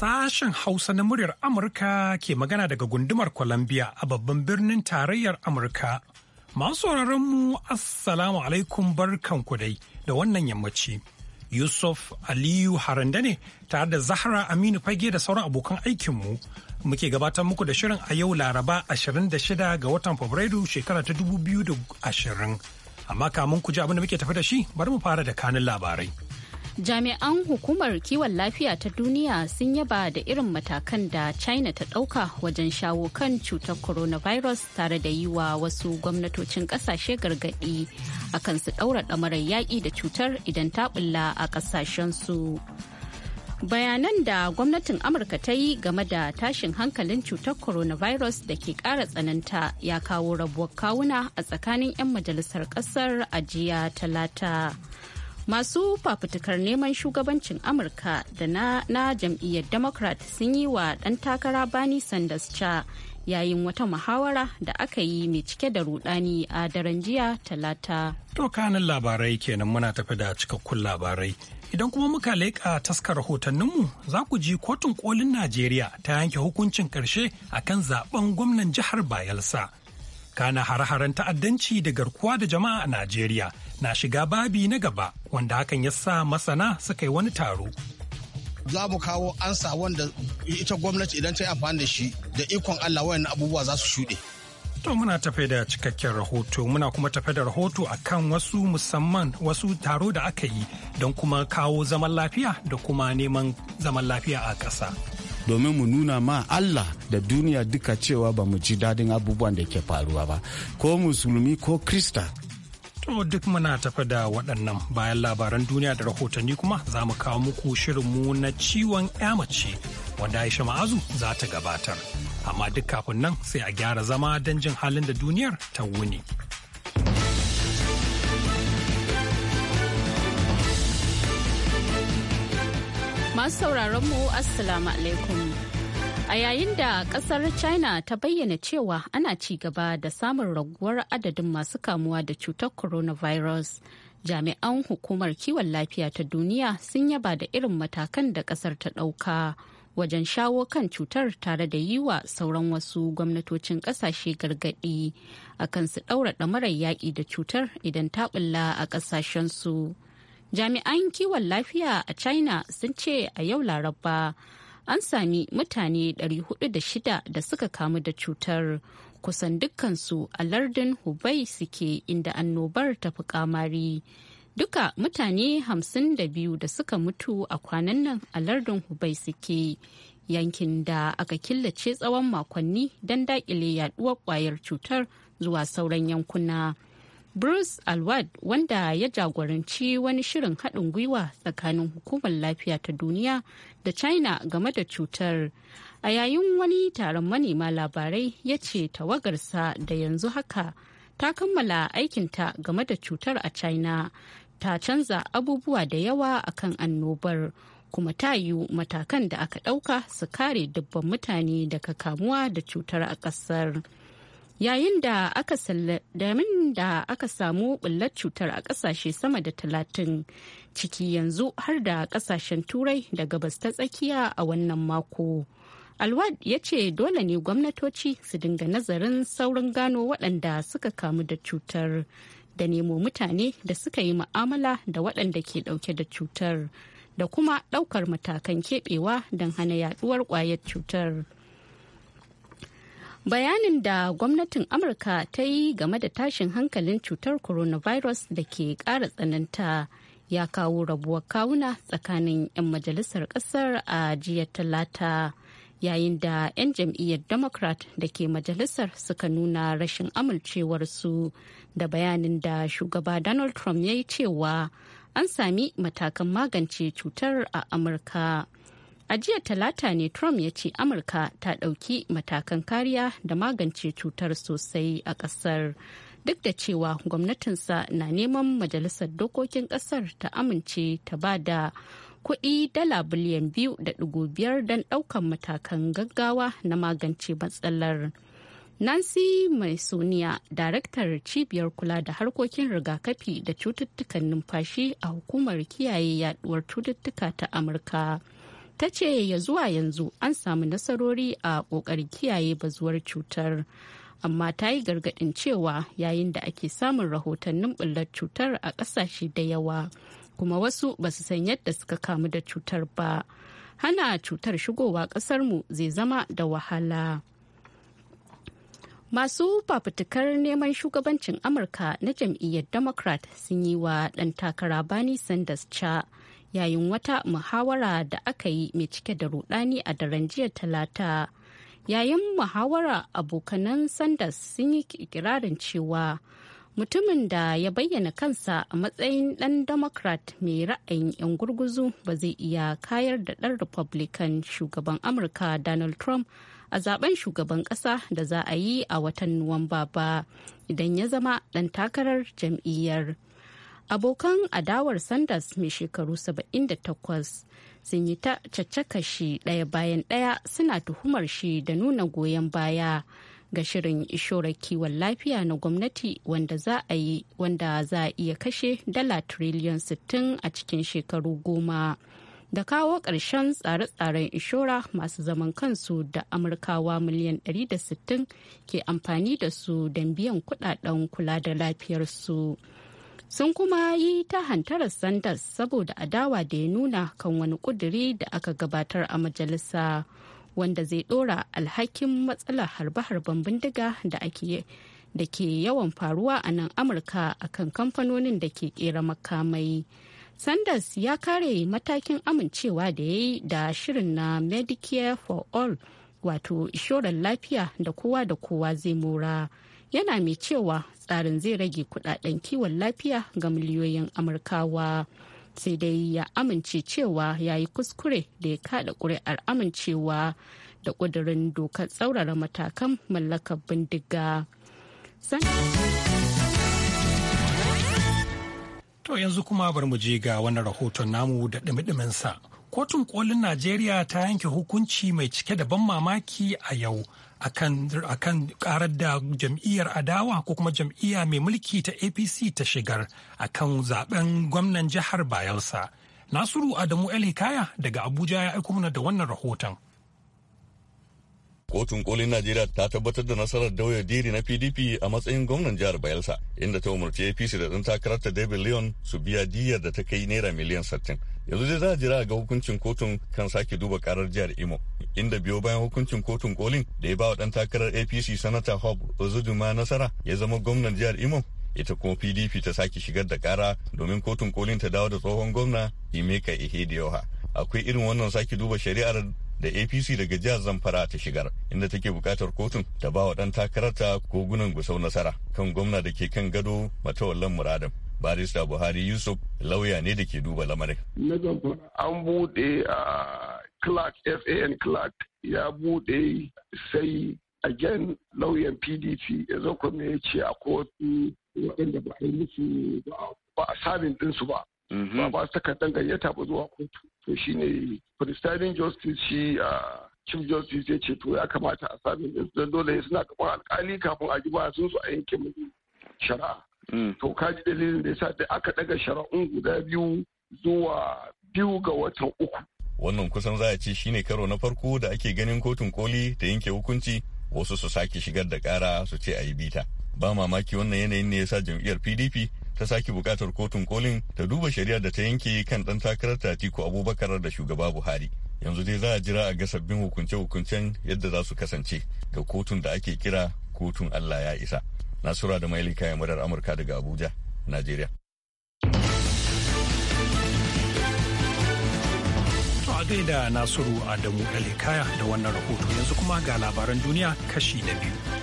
sashen Hausa na muryar Amurka ke magana daga gundumar Columbia a babban birnin tarayyar Amurka. Masu mu Assalamu alaikum barkanku dai da wannan yammaci. Yusuf Aliyu Haranda ne tare da Zahra Aminu Fage da sauran abokan aikinmu. Muke gabatar muku da shirin a yau Laraba 26 ga watan Fabrairu shekara ta 2020. Amma kamun ku ji abin da muke tafi da shi bari mu fara da kanin labarai. jami'an hukumar kiwon lafiya ta duniya sun yaba da irin matakan da china ta ɗauka wajen shawo kan cutar coronavirus tare da yi wa wasu gwamnatocin ƙasashe gargaɗi akan su ɗaura damarar yaƙi da cutar idan ta bulla a ƙasashen su bayanan da gwamnatin amurka ta yi game da tashin hankalin cutar coronavirus da ke kara tsananta ya kawo rabuwar kawuna a tsakanin 'yan majalisar kasar a jiya talata masu fafutukar neman shugabancin amurka da na, jam'iyyar democrat sun yi wa ɗan takara bani sanders ca yayin wata muhawara da aka yi mai cike da rudani a daren jiya talata to kanin labarai kenan muna tafi da cikakkun labarai idan kuma muka leƙa taskar rahotanninmu za ku ji kotun kolin najeriya ta yanke hukuncin ƙarshe kan zaben gwamnan jihar bayelsa kana hare-haren ta'addanci da garkuwa da jama'a a najeriya na shiga babi na gaba wanda hakan ya sa masana suka yi wani taro. za mu kawo ansa wanda ita gwamnati idan ta yi amfani da shi da ikon Allah wayan abubuwa za su shuɗe. To muna tafe da cikakken rahoto muna kuma tafe da rahoto a kan wasu musamman wasu taro da aka yi don kuma kawo zaman lafiya da kuma neman zaman lafiya a ƙasa. domin mu nuna ma Allah da duniya duka cewa ba mu ji dadin abubuwan da ke faruwa ba ko musulmi ko krista To duk muna tafa da waɗannan bayan labaran duniya da rahotanni kuma za mu kawo muku shirin mu na ciwon mace wanda Aisha Ma'azu za ta gabatar. Amma duk kafin nan sai a gyara zama don jin halin da duniyar ta wuni. Masu sauraron mu Assalamu alaikum. A yayin da kasar China ta bayyana cewa ana ci gaba da samun raguwar adadin masu kamuwa da cutar coronavirus. Jami'an hukumar kiwon lafiya ta duniya sun yaba da irin matakan da kasar ta ɗauka wajen shawo kan cutar tare da yi wa sauran wasu gwamnatocin ƙasashe gargaɗi akan su ɗaura ɗamarar yaƙi da cutar idan ta ɓulla a ƙasashensu. Jami'an kiwon lafiya a China sun ce a yau Laraba. an sami mutane 406 da suka kamu da cutar kusan dukkansu a lardin Hubei suke inda annobar ta fi kamari. Duka mutane 52 da suka mutu a kwanan nan a lardin Hubei suke yankin da aka killace tsawon makonni don dakile yaduwar kwayar cutar zuwa sauran yankuna. Bruce Alward wanda ya jagoranci wani shirin haɗin gwiwa tsakanin hukumar lafiya ta duniya da China game da cutar. A yayin wani taron manema labarai ya ce tawagarsa da yanzu haka ta kammala aikinta game da cutar a China ta canza abubuwa da yawa akan annobar kuma ta yiwu matakan da aka ɗauka su kare dubban mutane daga kamuwa da cutar a ƙasar. yayin da aka damin da aka samu bullar cutar a kasashe sama da talatin ciki yanzu har da kasashen turai da gabas ta tsakiya a wannan mako alwad ya ce dole ne gwamnatoci su dinga nazarin saurin gano waɗanda suka kamu da cutar da nemo mutane da suka yi ma'amala da waɗanda ke ɗauke da cutar da kuma ɗaukar matakan keɓewa don hana yaɗuwar ƙwayar cutar. bayanin da gwamnatin amurka ta yi game da tashin hankalin cutar coronavirus da ke ƙara tsananta ya kawo rabuwar kawuna tsakanin 'yan majalisar ƙasar a jiya talata yayin da 'yan jam'iyyar democrat da ke majalisar suka nuna rashin amincewarsu da bayanin da shugaba donald trump ya yi cewa an sami matakan magance cutar a amurka. A jiya talata ne Trump ya ce Amurka ta ɗauki matakan kariya da magance cutar sosai a ƙasar. Duk da cewa gwamnatinsa na neman majalisar dokokin ƙasar ta amince ta ba da kuɗi dala biliyan biyu da ɗigo biyar don ɗaukan matakan gaggawa na magance matsalar. Nancy Maisoniya, daraktar cibiyar kula da harkokin rigakafi da cututtukan numfashi a hukumar kiyaye yaduwar cututtuka ta Amurka. ta ce ya zuwa yanzu an samu nasarori a ƙoƙarin kiyaye bazuwar cutar amma ta yi gargaɗin cewa yayin da ake samun rahotannin bullar cutar a ƙasashe da yawa kuma wasu ba su san yadda suka kamu da cutar ba hana cutar shigowa ƙasarmu zai zama da wahala masu fafutukar neman shugabancin amurka na jam'iyyar democrat sun yi wa 'dan takara bani sanders cha yayin wata muhawara da aka yi mai cike da rudani a daren jiya talata yayin muhawara abokanan sanders sun yi ikirarin cewa mutumin da ya bayyana kansa a matsayin dan democrat mai ra'ayin 'yan gurguzu ba zai iya kayar da ɗan republican shugaban amurka donald trump a zaben shugaban ƙasa da za a yi a watan nuwamba ba idan ya zama ɗan takarar jam'iyyar. abokan adawar sanders mai shekaru 78 sun yi ta caccaka shi ɗaya bayan ɗaya suna tuhumar shi da nuna goyon baya ga shirin inshorar kiwon lafiya na gwamnati wanda za a yi wanda za a iya kashe dala triliyan 60 a cikin shekaru goma da kawo ƙarshen tsare-tsaren inshora masu zaman kansu da amurkawa miliyan 160 ke amfani da su don biyan kudaden kula da lafiyarsu. sun kuma yi ta hantarar sanders saboda adawa da ya nuna kan wani kuduri da aka gabatar a majalisa wanda zai dora alhakin matsalar harbe-harben bindiga da ake da ke yawan faruwa a nan amurka akan kamfanonin da ke kera makamai sanders ya kare matakin amincewa da ya yi da shirin na medicare for all wato inshorar lafiya da kowa da kowa zai mora yana mai cewa tsarin zai rage kudaden kiwon lafiya ga miliyoyin amurkawa sai dai ya amince cewa ya yi kuskure da ya kada kuri'ar amincewa da ƙudirin dokar tsaurara matakan mallakar bindiga to yanzu kuma bar mu je ga wani rahoton namu da dumi sa Kotun kolin Najeriya ta yanke hukunci mai cike da ban mamaki a yau akan karar da jam'iyyar adawa ko kuma jam'iyya mai mulki ta APC ta shigar akan zaben gwamnan jihar Bayelsa. Nasiru Adamu elikaya daga Abuja ya aiko mana da wannan rahoton. Kotun kolin Najeriya ta tabbatar da nasarar Dauya Diri na PDP a matsayin gwamnan jihar Bayelsa, inda ta umarci APC da ɗan ta David Leon su biya diyyar da ta kai naira miliyan 60. yanzu dai za a jira ga hukuncin kotun kan sake duba karar jihar imo inda biyo bayan hukuncin kotun kolin da ya ba wa dan takarar apc sanata hob ozuduma nasara ya zama gwamnan jihar imo ita kuma pdp ta sake shigar da kara domin kotun kolin ta dawo da tsohon gwamna imeka ihedioha akwai irin wannan sake duba shari'ar da apc daga jihar zamfara ta shigar inda take bukatar kotun ta ba wa takarar ta kogunan gusau nasara kan gwamna da ke kan gado matawallan muradin barista buhari yusuf lauya ne da ke duba lamarin an bude a clark fan clark ya bude sai again lauyan pdp ya zo kuma ya ce a kotu waɗanda ba a yi musu ba a sabin ɗinsu ba mhm. ba ba su takardar gayyata ba zuwa kotu to shine presiding justice shi a chief justice ya ce to ya kamata a sabin ɗinsu don dole suna gaban alkali kafin a ji ba sun su a yanke musu shari'a Mm. to ka ji dalilin da ya sa da aka daga shara'un guda biyu zuwa biyu ga watan uku wannan kusan za a ce shine karo na farko da ake ganin kotun koli ta yanke hukunci wasu su sake shigar da kara su ce a yi bita ba mamaki wannan yanayin ne ya sa jam'iyyar pdp ta sake bukatar kotun kolin ta duba shari'ar da ta yanke kan dan takarar tatiku abubakar da shugaba buhari yanzu dai za a jira a ga sabbin hukunce-hukuncen yadda za su kasance ga kotun da ake kira kotun allah ya isa Nasura da Maili kayan murar Amurka daga Abuja, Najeriya. a da Nasiru Adamu Alikaya da wannan rahoto yanzu kuma ga labaran duniya kashi na biyu.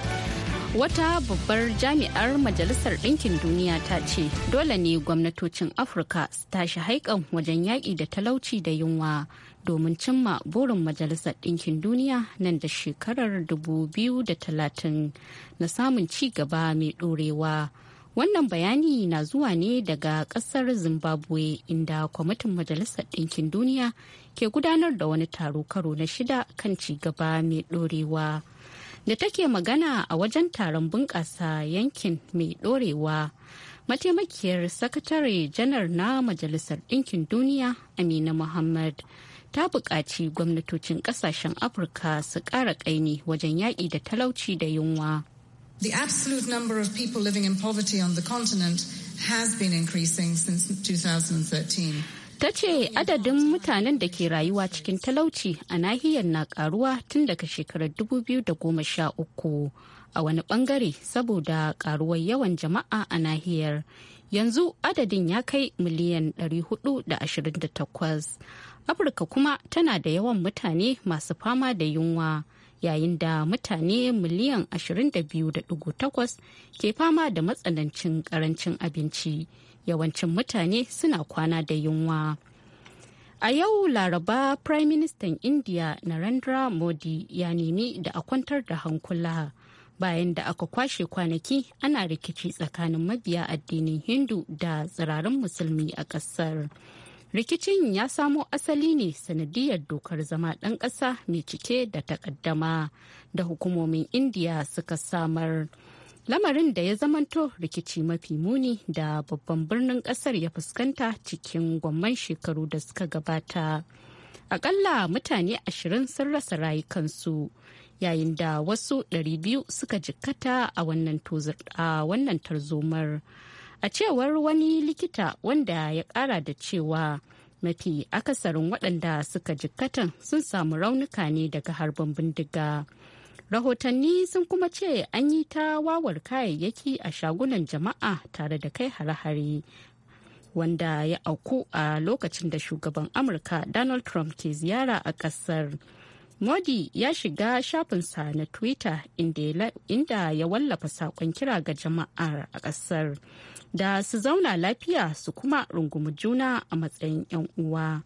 Wata babbar jami'ar Majalisar Ɗinkin Duniya ta ce dole ne gwamnatocin Afirka su tashi haikan wajen yaƙi da talauci da yunwa domin cimma burin Majalisar Ɗinkin Duniya nan da shekarar 2030 na samun ci gaba mai ɗorewa. Wannan bayani na zuwa ne daga ƙasar Zimbabwe inda kwamitin Majalisar Ɗinkin Duniya ke gudanar da wani taro karo na shida kan ci gaba mai ɗorewa. da take magana a wajen taron bunƙasa yankin mai ɗorewa mataimakiyar sakatare janar na majalisar ɗinkin duniya amina muhammad ta buƙaci gwamnatocin ƙasashen afirka su ƙara ƙaini wajen yaƙi da talauci da yunwa The absolute number of people living in poverty on the continent has been increasing since 2013. ta ce adadin mutanen da ke rayuwa cikin talauci a nahiyar na karuwa tun daga shekarar 2013 a wani bangare saboda karuwar yawan jama'a a nahiyar yanzu adadin ya kai miliyan 428 afirka kuma tana da yawan mutane masu fama da yunwa yayin da mutane miliyan 22.8 ke fama da matsanancin karancin abinci. yawancin mutane suna kwana da yunwa. A yau Laraba Prime Minister India Narendra Modi ya nemi da a kwantar da hankula bayan da aka kwashe kwanaki ana rikici tsakanin mabiya addinin Hindu da tsirarin musulmi a ƙasar. Rikicin ya samo asali ne sanadiyar dokar zama ɗan ƙasa mai cike da takaddama da hukumomin India suka samar. lamarin da ya zamanto rikici mafi muni da babban birnin kasar ya fuskanta cikin gwamman shekaru da suka gabata akalla mutane ashirin sun rasa rayukansu yayin da wasu 200 suka jikkata a wannan tarzomar a cewar wani likita wanda ya kara da cewa mafi akasarin waɗanda suka jikkatan sun samu raunuka ne daga harbin bindiga. rahotanni sun kuma ce an yi ta wawar kayayyaki a shagunan jama'a tare da kai hare-hare wanda ya auku a lokacin da shugaban amurka donald trump ke ziyara a kasar modi ya shiga shafinsa na twitter inda ya wallafa saƙon kira ga jama'ar a kasar da su zauna lafiya su kuma rungumi juna a matsayin 'yan uwa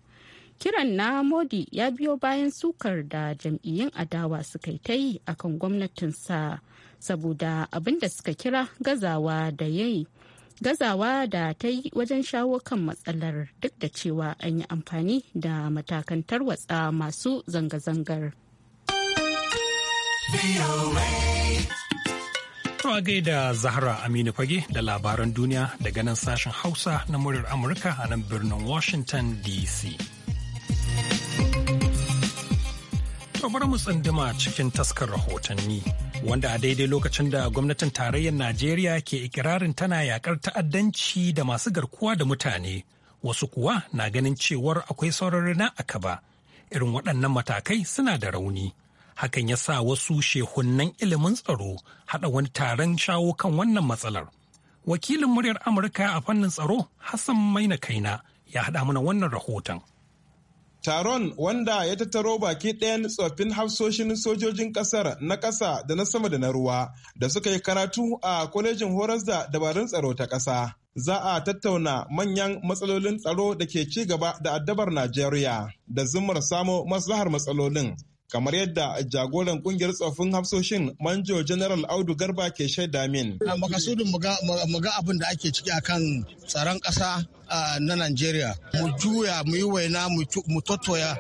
kiran na modi ya biyo bayan sukar da jam'iyyun adawa suka ta yi kan gwamnatinsa saboda abin da suka kira gazawa da yi gazawa da ta yi wajen shawo kan matsalar duk da cewa an yi amfani da matakantar watsa masu zanga-zangar. gai gaida Zahra Aminu Fage da labaran duniya daga nan sashen Hausa na muryar Amurka a nan birnin Washington DC. bar mu tsinduma cikin taskar rahotanni wanda a daidai lokacin da gwamnatin tarayyar Najeriya ke ikirarin tana yakar ta'addanci da masu garkuwa da mutane wasu kuwa na ganin cewar akwai sauran na akaba irin waɗannan matakai suna da rauni hakan ya sa wasu shehunnan ilimin tsaro haɗa wani taron shawo kan wannan matsalar wakilin muryar amurka a fannin tsaro hassan maina kaina ya haɗa mana wannan rahoton Taron wanda ya tattaro baki ɗayan tsoffin hafsoshin sojojin ƙasar na ƙasa da na sama da na ruwa da suka yi karatu a kwalejin horas da dabarun tsaro ta ƙasa. Za a tattauna manyan matsalolin tsaro da ke ci gaba da addabar Najeriya da zumar samo maslahar matsalolin. kamar yadda jagoran kungiyar tsoffin hafsoshin manjo general audu garba ke shaida min. makasudin mu ga abin da ake ciki akan tsaron ƙasa na Najeriya mu juya mu yi waina mu tottoya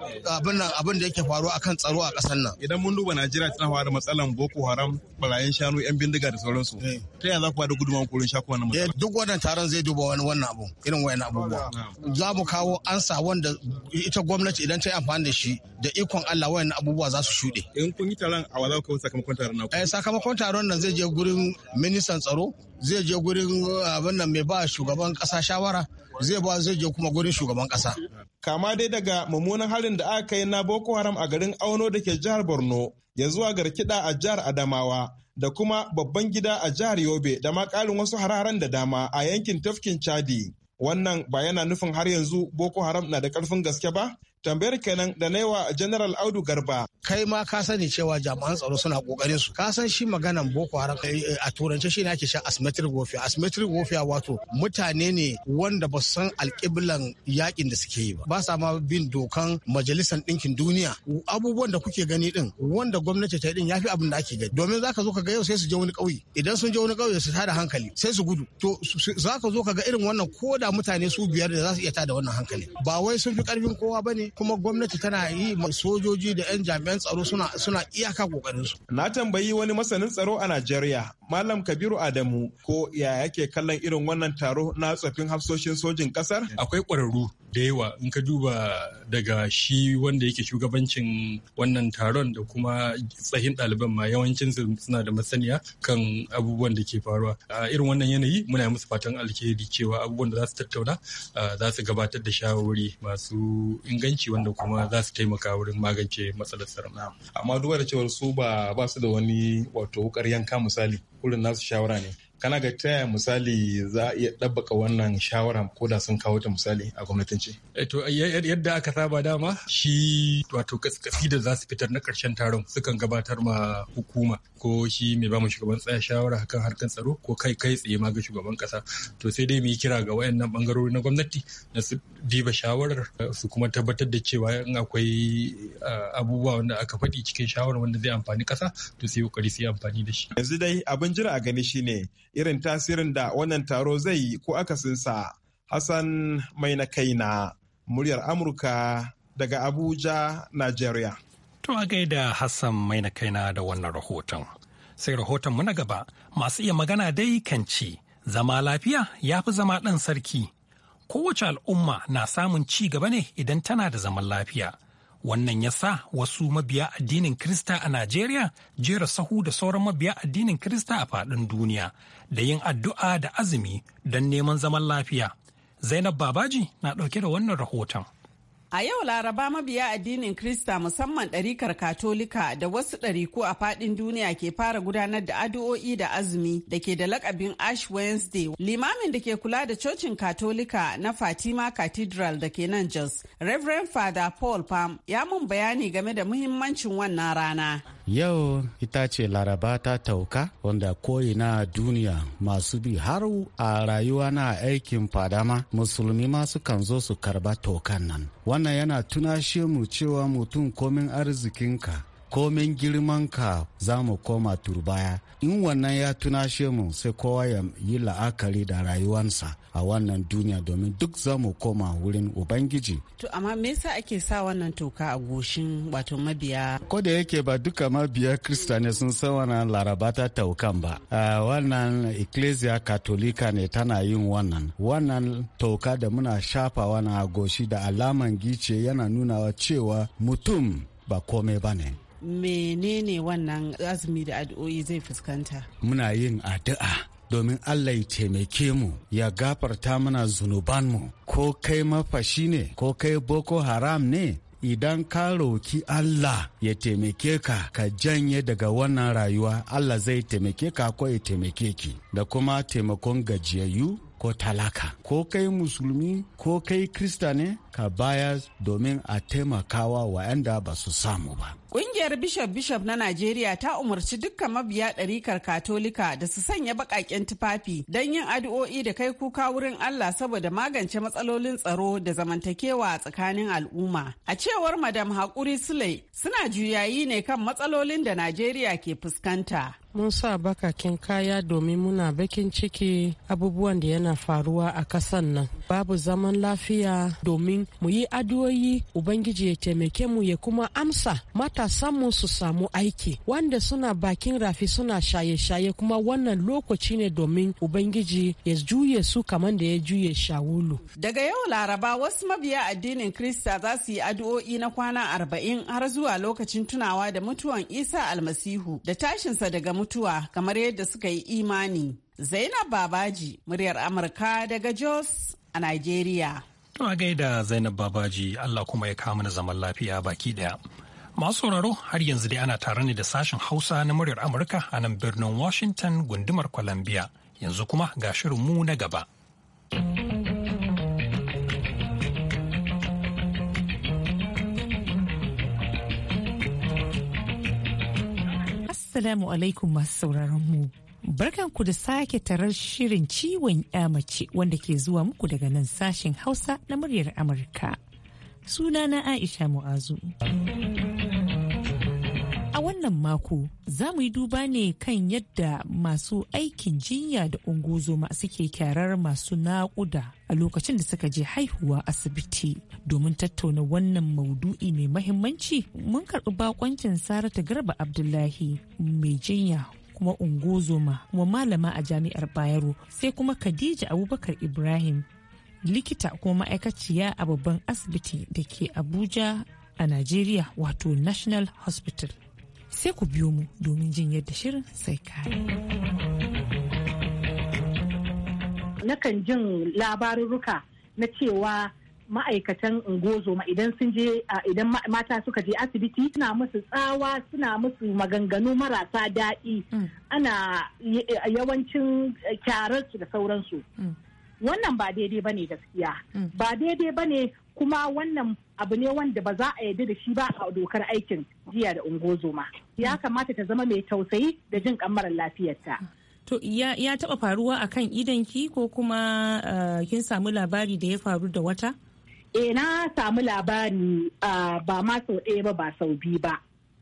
abin da yake faruwa akan tsaro a ƙasar nan. Idan mun duba Najeriya tana fara da matsalan Boko Haram barayin shanu yan bindiga da sauransu. Eh. Ta yaya za ku da gudunmawar kurin shaku. wannan matsala? Eh, duk wannan taron zai duba wani wannan abu irin wayan abubuwa. Za mu kawo ansa wanda ita gwamnati idan ta yi amfani da shi da ikon Allah wayan abubuwa za su shuɗe. In kun yi taron a za ko sakamakon taron ku. Eh, sakamakon taron nan zai je gurin ministan tsaro zai je gurin abin nan mai ba shugaban kasa shawara zai ba zai je kuma gurin shugaban kasa kama dai daga mummunan halin da aka yi na boko haram a garin auno da ke jihar borno ya zuwa garkida a jihar adamawa da kuma babban gida a jihar yobe da ma ƙarin wasu hararen da dama a yankin tafkin chadi wannan ba yana nufin har yanzu boko haram na da ƙarfin gaske ba tambayar kenan da naiwa general audu garba kai ma ka sani cewa jami'an tsaro suna kokarin su ka san shi maganan boko haram eh, eh, a turance shi ne ake sha asymmetric warfare asymmetric warfare wato mutane ne wanda ba su san alƙiblan yakin da suke yi ba ba sa ma bin dokan majalisar ɗinkin duniya abubuwan da kuke gani din wanda gwamnati ta din yafi abin da ake gani domin zaka zo ka ga yau sai su je wani ƙauye idan sun je wani ƙauye su tada hankali sai su gudu to zaka zo ka ga irin wannan ko da mutane su biyar da za su iya tada wannan hankali ba wai sun fi karfin kowa bane kuma gwamnati tana yi sojoji da 'yan jami'an tsaro suna suna iyaka kokarin su. Na tambayi wani masanin tsaro a Najeriya, Malam Kabiru Adamu, ko ya yake kallon irin wannan taro na tsafin hafsoshin sojin kasar? Akwai ƙwararru da yawa in ka duba daga shi wanda yake shugabancin wannan taron da kuma tsahin ɗaliban ma yawancin suna da masaniya kan abubuwan da ke faruwa a irin wannan yanayi muna musu fatan alheri cewa abubuwan da za su tattauna za su gabatar da shawarwari masu inganci wanda kuma za su taimaka wurin magance matsalar tsaron amma duba da cewar su ba ba su da wani wato wukar yanka misali kurin nasu shawara ne kana ga ta yaya misali za a iya ɗabbaka wannan shawara ko da sun kawo ta misali a gwamnatance. Eh, to yadda aka saba dama shi wato kaskasi da za su fitar na ƙarshen taron sukan gabatar ma hukuma ko shi mai bamu shugaban tsaya shawara kan harkar tsaro ko kai kai tsaye ma ga shugaban ƙasa to sai dai mu yi kira ga wayannan bangarori na gwamnati na su diba shawarar eh, su kuma tabbatar da cewa in akwai eh, abubuwa wanda aka faɗi cikin shawarar wanda zai amfani ƙasa to sai kokari sai amfani da shi. yanzu dai abin jira a gani shine irin tasirin da wannan taro zai yi ko akasinsa. Hassan mai na kaina muryar Amurka daga Abuja, Nigeria. To a gaida Hassan mai na kaina da wannan rahoton. Sai rahoton mu na gaba masu iya magana dai kan ci zama lafiya ya fi zama ɗan sarki. Kowace al'umma na samun ci gaba ne idan tana da zaman lafiya. Wannan ya sa wasu mabiya addinin Krista a Najeriya jera sahu da sauran mabiya addinin Krista a faɗin duniya da yin addu'a da azumi don neman zaman lafiya. Zainab Babaji na ɗauke da wannan rahoton. A yau Laraba mabiya addinin Krista musamman ɗarikar Katolika da wasu ɗariku a faɗin duniya ke fara gudanar da addu'o'i da azumi da ke da lakabin Ash Wednesday. Limamin da ke kula da cocin Katolika na Fatima Cathedral da ke nan Jos, Reverend Father Paul Pam ya mun bayani game da muhimmancin wannan rana. yau ita ce laraba ta tauka wanda ko'ina duniya masu bi har a rayuwa na aikin fadama musulmi masu kan zo su karba tokan nan wannan yana tunashe mu cewa mutum komin arzikinka komin girmanka za mu koma turbaya in wannan ya tunashe mu sai kowa ya yi la'akari da rayuwansa a wannan duniya domin duk za mu koma wurin ubangiji to amma me yasa ake sa wannan toka a goshin wato mabiya ko da yake ba duka mabiya krista ne sun san wannan laraba ta taukan ba wannan ecclesia katolika ne tana yin wannan wannan toka da muna shafa shafawa a goshi da alaman gice yana nunawa cewa mutum ba komai ba ne menene wannan azumi da addu'o'i zai fuskanta muna yin addu'a domin Allah ya taimake mu ya gafarta mana zunuban mu. ko kai mafashi ne ko kai boko haram ne idan ka roki Allah ya taimake ka ka janye daga wannan rayuwa Allah zai taimake ka ko ya taimake ki da kuma taimakon gajiyayyu ko talaka ko kai musulmi ko kai krista ne ka baya domin a taimakawa wa'anda ba su samu ba. Ƙungiyar Bishop Bishop na Najeriya ta umarci dukkan mabiya ɗarikar Katolika da su sanya baƙaƙen tufafi don yin addu'o'i da kai kuka wurin Allah saboda magance matsalolin tsaro da zamantakewa tsakanin al'umma. A cewar Madam Hakuri Sulai suna juyayi ne kan matsalolin da Najeriya ke fuskanta. Mun sa bakakin kaya domin muna bakin ciki abubuwan da yana faruwa a kasan nan. Babu zaman lafiya domin mu yi addu'o'i ubangiji ya taimake mu ya kuma amsa matasanmu su samu aiki wanda suna bakin rafi suna shaye-shaye kuma wannan lokaci ne domin ubangiji ya juye su kamar da ya juye shawulu daga yau laraba wasu mabiya addinin krista za su yi addu'o'i na kwana arba'in har zuwa lokacin tunawa da mutuwan isa almasihu da tashinsa daga mutuwa kamar yadda suka yi imani zainab babaji muryar amurka daga jos a nigeria To a gaida Zainab Babaji Allah kuma ya kama mana zaman lafiya baki daya. Masu sauraro har yanzu dai ana tare ne da sashen Hausa na muryar Amurka a nan birnin Washington gundumar Columbia. Yanzu kuma ga mu na gaba. Assalamu alaikum masu sauraron mu. Barkanku da sake tarar shirin ciwon mace wanda ke zuwa muku daga nan sashen Hausa na muryar Amurka. Sunana Aisha Mu'azu. A wannan mako za mu yi duba ne kan yadda masu aikin jinya da ungozoma suke kyarar masu naƙuda a lokacin da suka je haihuwa asibiti. Domin tattauna wannan maudu'i mai mahimmanci mun karɓi bakoncin Sarata Garba Abdullahi mai jinya kuma ungozoma kuma malama a jami'ar bayero sai kuma khadija abubakar ibrahim likita kuma ma'aikaciya a babban asibiti da ke abuja a najeriya wato national hospital sai ku biyo mu domin jin yadda shirin sai kare. nakan jin labarurruka na cewa ma'aikatan ungozoma idan sun je idan mata suka je asibiti suna musu tsawa suna musu maganganu marasa daɗi mm. ana yawancin kyararsu da sauransu mm. wannan ba daidai ba ne gaskiya mm. ba daidai ba ne kuma wannan abu ne wanda ba za a yarda da shi ba a dokar aikin jiya da ungozoma ya kamata ta zama mai tausayi da jin kamarar lafiyarta to ya, taɓa taba faruwa akan idanki ko kuma eh, kin samu labari da ya faru da wata E na samu labari ba ma sau ɗaya ba ba sau biyu ba.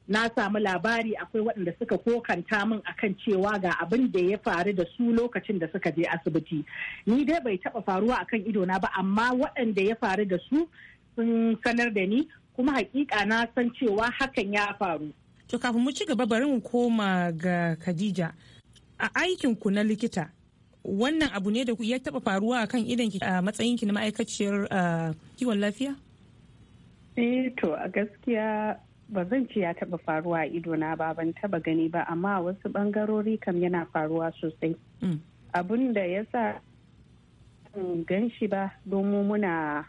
Na samu labari akwai waɗanda suka kokanta min akan cewa ga abin da ya faru da su lokacin da suka je asibiti. Ni dai bai taɓa faruwa akan ido na ba amma waɗanda ya faru da su sun sanar da ni kuma hakika na san cewa hakan ya faru. To kafin mu ci gaba bari mu koma ga Khadija. A aikin ku na likita wannan abu ne da ya taba faruwa a kan idanki a matsayinki na ma'aikaciyar ah, kiwon lafiya? Eh to a gaskiya ba zan ce ya taba faruwa a idona ba ban taba gani ba amma wasu bangarori kam yana faruwa sosai. Mm. Abun da ya sa gan shi ba domin muna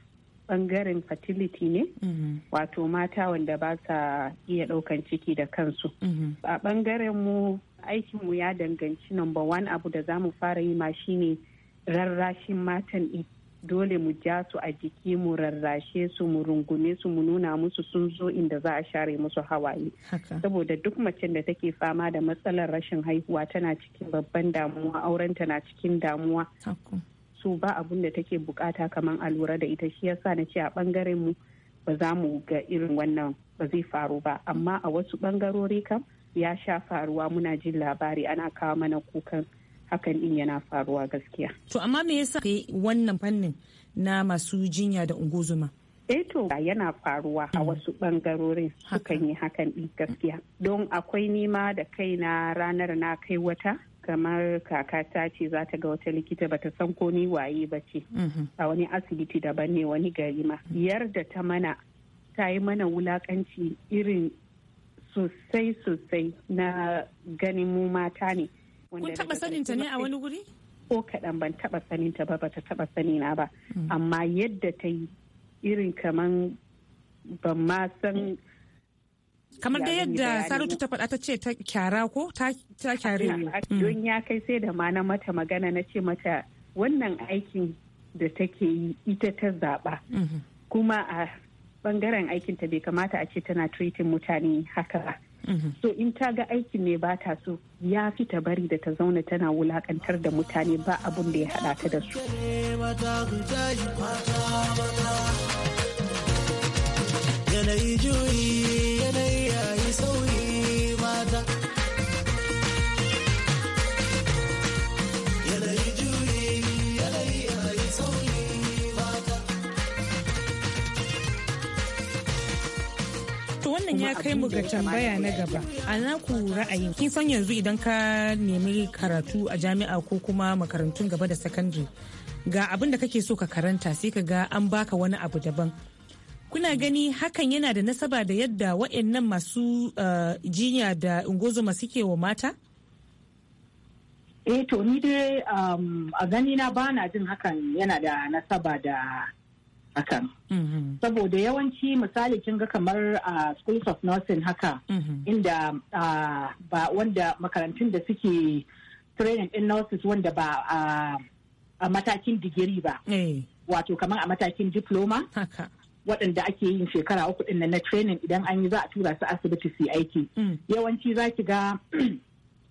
bangaren fertility ne mhm. wato mata wanda ba sa iya daukan ciki da kansu mhm. a bangaren mu aikinmu ya danganci number one abu da za mu fara yi ma shine rarrashin matan dole mu ja su a jiki mu rarrashe su mu rungume su mu nuna musu sun zo inda za a share musu hawaye saboda duk macen da take fama da matsalar rashin haihuwa tana cikin babban damuwa auren na cikin damuwa su ba abun da take bukata kamar a lura da ita shi yasa na ce a bangaren mu ba za mu ga irin wannan ba zai faru ba amma a wasu bangarori kam ya sha faruwa muna jin labari ana kawo mana kukan hakan din yana faruwa gaskiya to amma me yasa wannan fannin na masu jinya da unguzuma eto eh yana faruwa a hmm. wasu bangarorin sukan yi hakan din gaskiya don akwai nima da kai na ranar na kai wata kamar kaka ta ce za ta ga wata likita ba ta san ko ni waye ba ce mhm. a wani asibiti daban ne wani gari ma yarda ta mana ta yi mana wulakanci irin sosai sosai na ganin mu mata ne kun taba sanin ta ne a wani guri ko kadan ban taba sanin ta ba ba ta taba na ba mhm. amma yadda ta yi irin kaman ban ma san kamar da yadda saratu ta faɗa ta ce ta kyara ko ta kyare mm. don ya kai sai da ma na mata magana na ce mata wannan aikin da take yi ita ta zaɓa mm-hmm. kuma a bangaren aikin ta bai kamata a ce tana treating mutane haka ba mm-hmm. so in ta ga aikin ne ba ta so ya fi ta bari da ta zauna tana wulakantar da mutane ba abun da ya haɗa ta da su yanayi juyi yanayi wannan ya kai mu ga tambaya na gaba. A naku ra'ayin kin san yanzu idan ka nemi karatu a jami'a ko kuma makarantun gaba da sakandare ga abin da kake so ka karanta sai ka ga an baka wani abu daban. Kuna gani hakan yana da nasaba da yadda wa'annan masu eh, jinya da ungozoma suke wa mata? Eh to ni dai um, a gani na bana jin hakan yana da nasaba da Mm-hmm. Saboda yawanci misali kin ga kamar a schools of nursing haka mm-hmm. inda ba wanda makarantun da suke training in nurses wanda ba a matakin digiri ba. Eh. Wato kamar a matakin diploma. waɗanda ake yin shekara uku ɗin na training idan an yi za a tura su asibiti su aiki. Mm. Yawanci za ki ga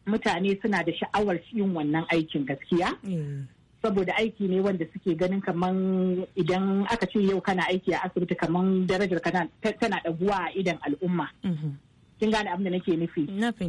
mutane suna da sha'awar yin wannan aikin gaskiya. Eh. saboda aiki ne wanda suke ganin kaman idan aka ce yau kana aiki a asibiti kaman darajar kana tana ɗaguwa a idan al'umma mhm. kin gane abin da nake nufi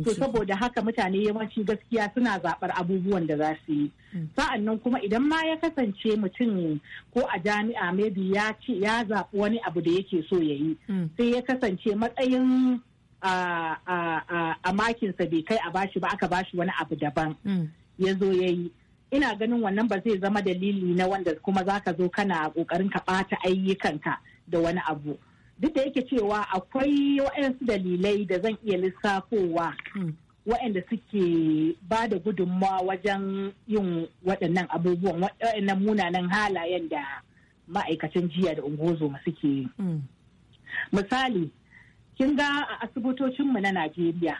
to saboda haka mutane yawanci gaskiya suna zaɓar abubuwan da za su yi mm. sa'an kuma idan ma ya kasance mutum ko a jami'a maybe ya ce ya zaɓi wani abu da yake so ya yi mm. sai ya kasance matsayin a makinsa bai kai a bashi ba aka bashi wani abu daban mm. ya zo ya yi ina ganin wannan ba zai zama dalili na wanda kuma za ka zo kana kokarin ka bata ayyukanka da wani abu duk da yake cewa akwai waɗansu dalilai da zan iya lissafowa hmm. waɗanda suke ba da gudunmawa wajen yin waɗannan abubuwan waɗannan munanan halayen da ma'aikacin jiya da ungozoma suke yi hmm. misali kin ga a asibitocinmu na Najeriya.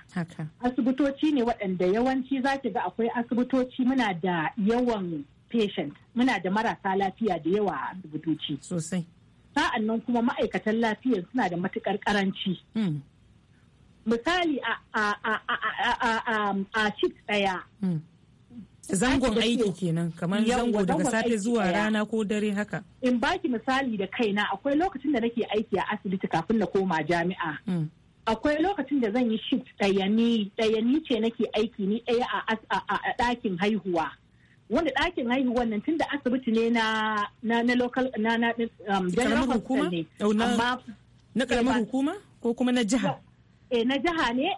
Asibitoci ne waɗanda yawanci za ki ga akwai asibitoci muna da yawan patient, muna da marasa lafiya da yawa a asibitoci. Sosai. Sa'an nan kuma ma'aikatan lafiya suna da matukar ƙaranci. Misali a a ɗaya zangon aiki kenan kamar zango daga safe zuwa rana ko dare haka in baki misali da kaina akwai lokacin da nake aiki a asibiti kafin na koma jami'a mm. akwai lokacin da zan yi shift dayani dayani ce nake aiki ni ɗaya a ɗakin haihuwa wanda ɗakin haihuwa nan tunda asibiti ne na na na local na na um, ne amma na karamar eh, hukuma ko kuma na jiha eh na jiha ne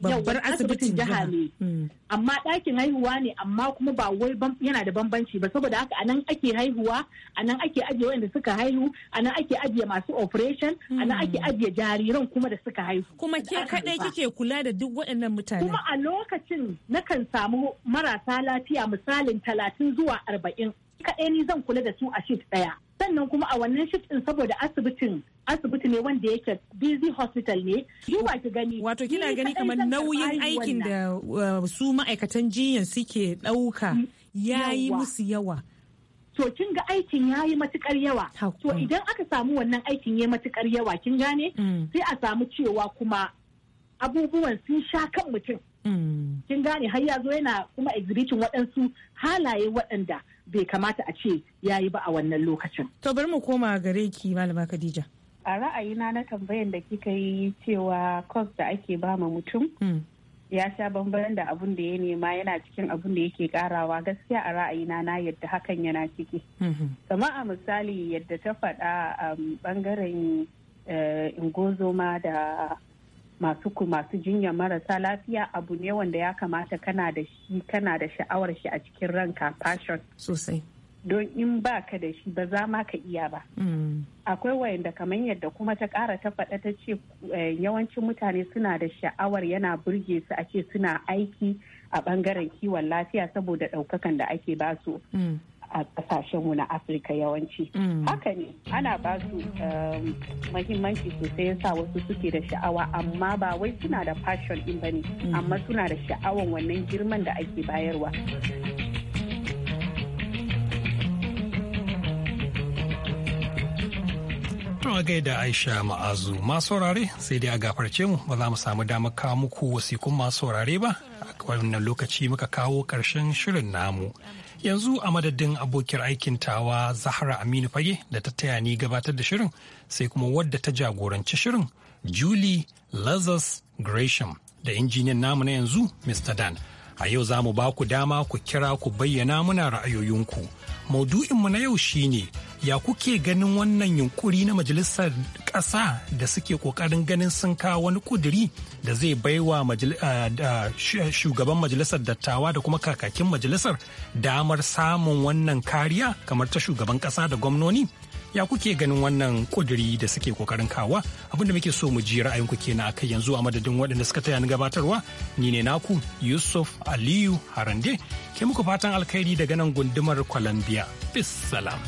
babbar asibitin jiha ne hmm. amma dakin haihuwa ne amma kuma ba wai yana da bambanci ba saboda haka anan ake haihuwa anan ake ajiye wanda suka haihu anan ake ajiye masu operation hmm. anan ake ajiye jariran kuma da suka haihu kuma ke kadai kike kula da duk waɗannan mutane kuma a lokacin nakan samu marasa lafiya misalin talatin zuwa arba'in kaɗai ni zan kula da su a shift ɗaya sannan kuma a wannan shift din saboda asibitin asibiti ne wanda yake busy hospital ne duba ki gani wato kina gani kamar nauyin aikin da uh, su ma'aikatan jinyar suke ɗauka mm, ya yi musu yawa to kin ga aikin ya yi matukar yawa to mm. idan aka samu wannan aikin ya matukar yawa kin gane mm. sai a samu cewa kuma abubuwan sun sha kan mutum kin gane har ya zo yana kuma exhibition waɗansu halaye waɗanda bai kamata a ce ya yi ba a wannan lokacin. To bari mu koma gare ki malama Khadija. A ra'ayina na tambayan da kika yi cewa kos da ake ba ma mutum hmm. ya sha bambaran da abun da ya nema yana cikin abun da yake karawa gaskiya a ra'ayina na yadda hakan yana ciki hmm. kama a misali yadda ta faɗa bangaren um, ingozoma eh, da masu ku masu jinya marasa lafiya abu ne wanda ya kamata kana da shi kana da sha'awar shi a cikin ranka passion sosai don in ba ka da shi ba za ma ka iya ba mm. akwai wayanda kamar yadda kuma ta kara ta faɗa ta ce eh, yawancin mutane suna da sha'awar yana burge su a ce suna aiki a ɓangaren kiwon lafiya saboda ɗaukakan da ake basu mm. a kasashenmu na afirka yawanci mm. haka ne ana ba su um, mahimmanci sosai yasa wasu suke da sha'awa amma ba wai suna da fashion din bane mm. amma suna da sha'awan wannan girman da ake bayarwa To da Aisha Ma'azu masu saurare sai dai a gafarce mu ba za mu samu damar kawo muku wasikun masu saurare ba a wannan lokaci muka kawo ƙarshen shirin namu yanzu a madadin abokin aikin tawa zahra aminu fage da ta taya ni gabatar da shirin sai kuma wadda ta jagoranci shirin julie lazarus gresham da injiniyan namu na yanzu mr dan A yau za mu ba ku dama ku kira ku bayyana muna ra'ayoyinku. Maudu'inmu na yau shi ne. ya kuke ganin wannan yunkuri na majalisar ƙasa da suke ƙoƙarin ganin sun kawo wani kuduri da zai baiwa shugaban majalisar dattawa da kuma kakakin majalisar damar samun wannan kariya kamar ta shugaban ƙasa da gwamnoni. ya kuke ganin wannan kuduri da suke kokarin kawa abinda muke so mu ji ra'ayinku kenan akai yanzu a madadin waɗanda suka taya ni gabatarwa ni ne naku yusuf aliyu harande ke muku fatan alkhairi daga nan gundumar columbia bis salam